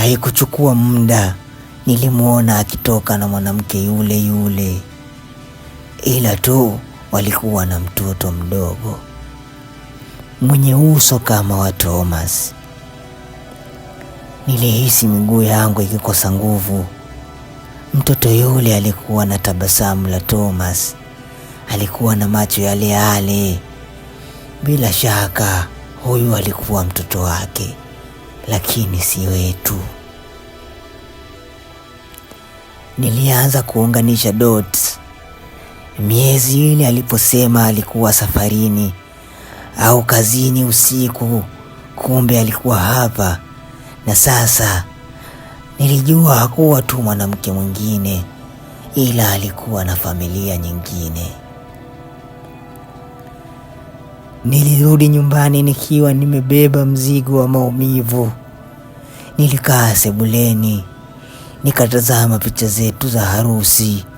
Haikuchukua muda nilimwona akitoka na mwanamke yule yule, ila tu walikuwa na mtoto mdogo mwenye uso kama wa Thomas. Nilihisi miguu yangu ikikosa nguvu. Mtoto yule alikuwa na tabasamu la Thomas, alikuwa na macho yale yale. Bila shaka huyu alikuwa mtoto wake lakini si wetu. Nilianza kuunganisha dots miezi ile aliposema alikuwa safarini au kazini usiku, kumbe alikuwa hapa. Na sasa nilijua hakuwa tu mwanamke mwingine, ila alikuwa na familia nyingine. Nilirudi nyumbani nikiwa nimebeba mzigo wa maumivu. Nilikaa sebuleni nikatazama picha zetu za harusi.